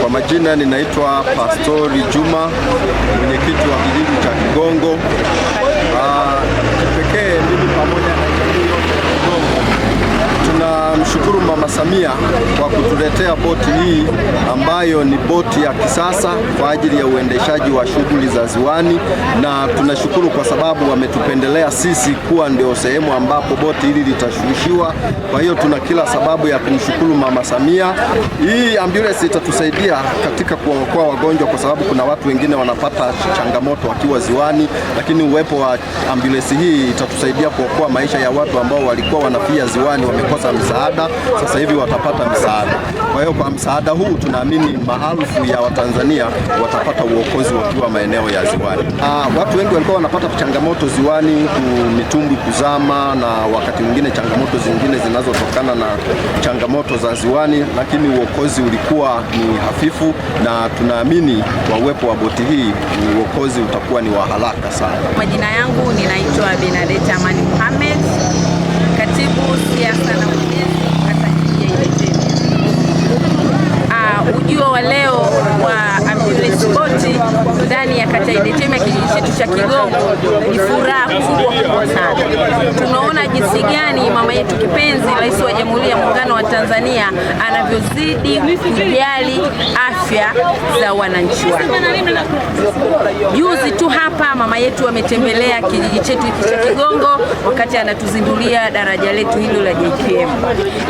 Kwa majina ninaitwa Pastori Juma, mwenyekiti wa kijiji cha Kigongo. Ah, kutuhudumia kwa kutuletea boti hii ambayo ni boti ya kisasa kwa ajili ya uendeshaji wa shughuli za ziwani, na tunashukuru kwa sababu wametupendelea sisi kuwa ndio sehemu ambapo boti hili litashushiwa. Kwa hiyo tuna kila sababu ya kumshukuru Mama Samia. Hii ambulance itatusaidia katika kuwaokoa wagonjwa, kwa sababu kuna watu wengine wanapata changamoto wakiwa ziwani, lakini uwepo wa ambulance hii itatusaidia kuokoa maisha ya watu ambao walikuwa wanafia ziwani, wamekosa msaada, sasa hivi watapata msaada. Kwa hiyo kwa msaada huu tunaamini maelfu ya Watanzania watapata uokozi wakiwa maeneo ya ziwani. Ah, watu wengi walikuwa wanapata changamoto ziwani, mitumbwi kuzama na wakati mwingine changamoto zingine zinazotokana na changamoto za ziwani, lakini uokozi ulikuwa ni hafifu, na tunaamini kwa uwepo wa boti hii uokozi utakuwa ni wa haraka sana. Majina yangu ninaitwa Benadeta Amani Mohamed. de cha Kigongo ni furaha kubwa kubwa sana. Tunaona jinsi gani mama yetu kipenzi, Rais wa Jamhuri ya Muungano wa Tanzania, anavyozidi kujali afya za wananchi wake. Juzi tu hapa mama yetu ametembelea kijiji chetu hiki cha Kigongo wakati anatuzindulia daraja letu hilo la JKM.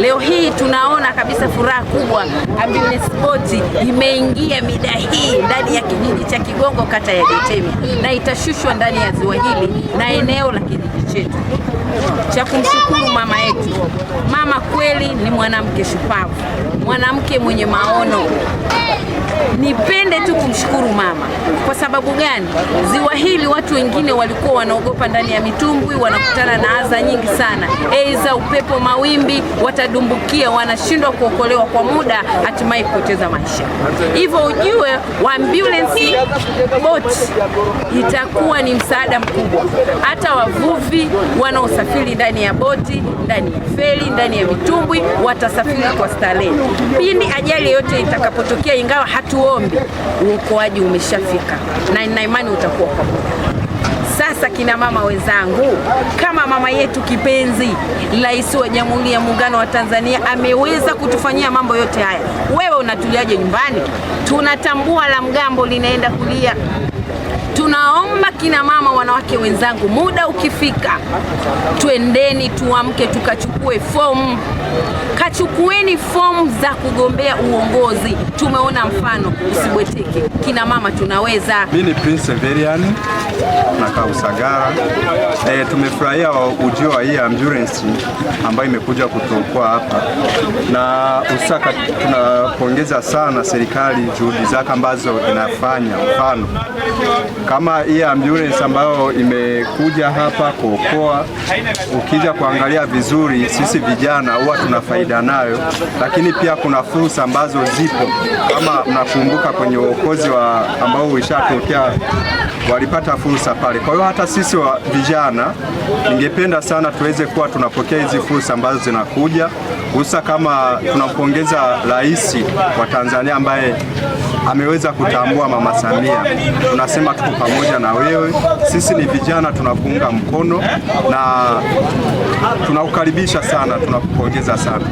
Leo hii tunaona kabisa furaha kubwa, Ambulenspoti imeingia mida hii ndani ya kijiji cha Kigongo, kata ya Detemi na ita kushushwa ndani ya ziwa hili na eneo la kijiji chetu cha kumshukuru mama yetu. Mama kweli ni mwanamke shupavu, mwanamke mwenye maono. Nipende tu kumshukuru mama. Kwa sababu gani? Ziwa hili watu wengine walikuwa wanaogopa ndani ya mitumbwi, wanakutana na adha nyingi sana, eiza upepo, mawimbi, watadumbukia, wanashindwa kuokolewa kwa muda, hatimaye kupoteza maisha. Hivyo ujue wa ambulance boat itakuwa ni msaada mkubwa, hata wavuvi wasafiri wanaosafiri ndani ya boti, ndani ya feri, ndani ya mitumbwi watasafiri kwa starehe. Pindi ajali yote itakapotokea, ingawa hatuombi, uokoaji umeshafika na nina imani utakuwa kwa muda. Sasa kina mama wenzangu, kama mama yetu kipenzi, Rais wa Jamhuri ya Muungano wa Tanzania ameweza kutufanyia mambo yote haya, wewe unatuliaje nyumbani? Tunatambua la mgambo linaenda kulia, tunao akina mama, wanawake wenzangu, muda ukifika, twendeni tuamke, tukachukue fomu, kachukueni fomu za kugombea uongozi. Tumeona mfano, usibweteke. Kina mama tunaweza. Mimi ni Prince Verian na kausagara E, tumefurahia ujio wa hii ambulance ambayo imekuja kutuokoa hapa na Usaka. Tunapongeza sana serikali juhudi zake ambazo inafanya, mfano kama hii ambulance ambayo imekuja hapa kuokoa. Ukija kuangalia vizuri, sisi vijana huwa tuna faida nayo, lakini pia kuna fursa ambazo zipo. Kama mnakumbuka kwenye uokozi wa ambao ulishatokea walipata fursa pale. Kwa hiyo hata sisi wa vijana, ningependa sana tuweze kuwa tunapokea hizi fursa ambazo zinakuja hususa kama tunampongeza rais wa Tanzania ambaye ameweza kutambua Mama Samia. Tunasema tuko pamoja na wewe, sisi ni vijana tunakuunga mkono na tunakukaribisha sana, tunakupongeza sana.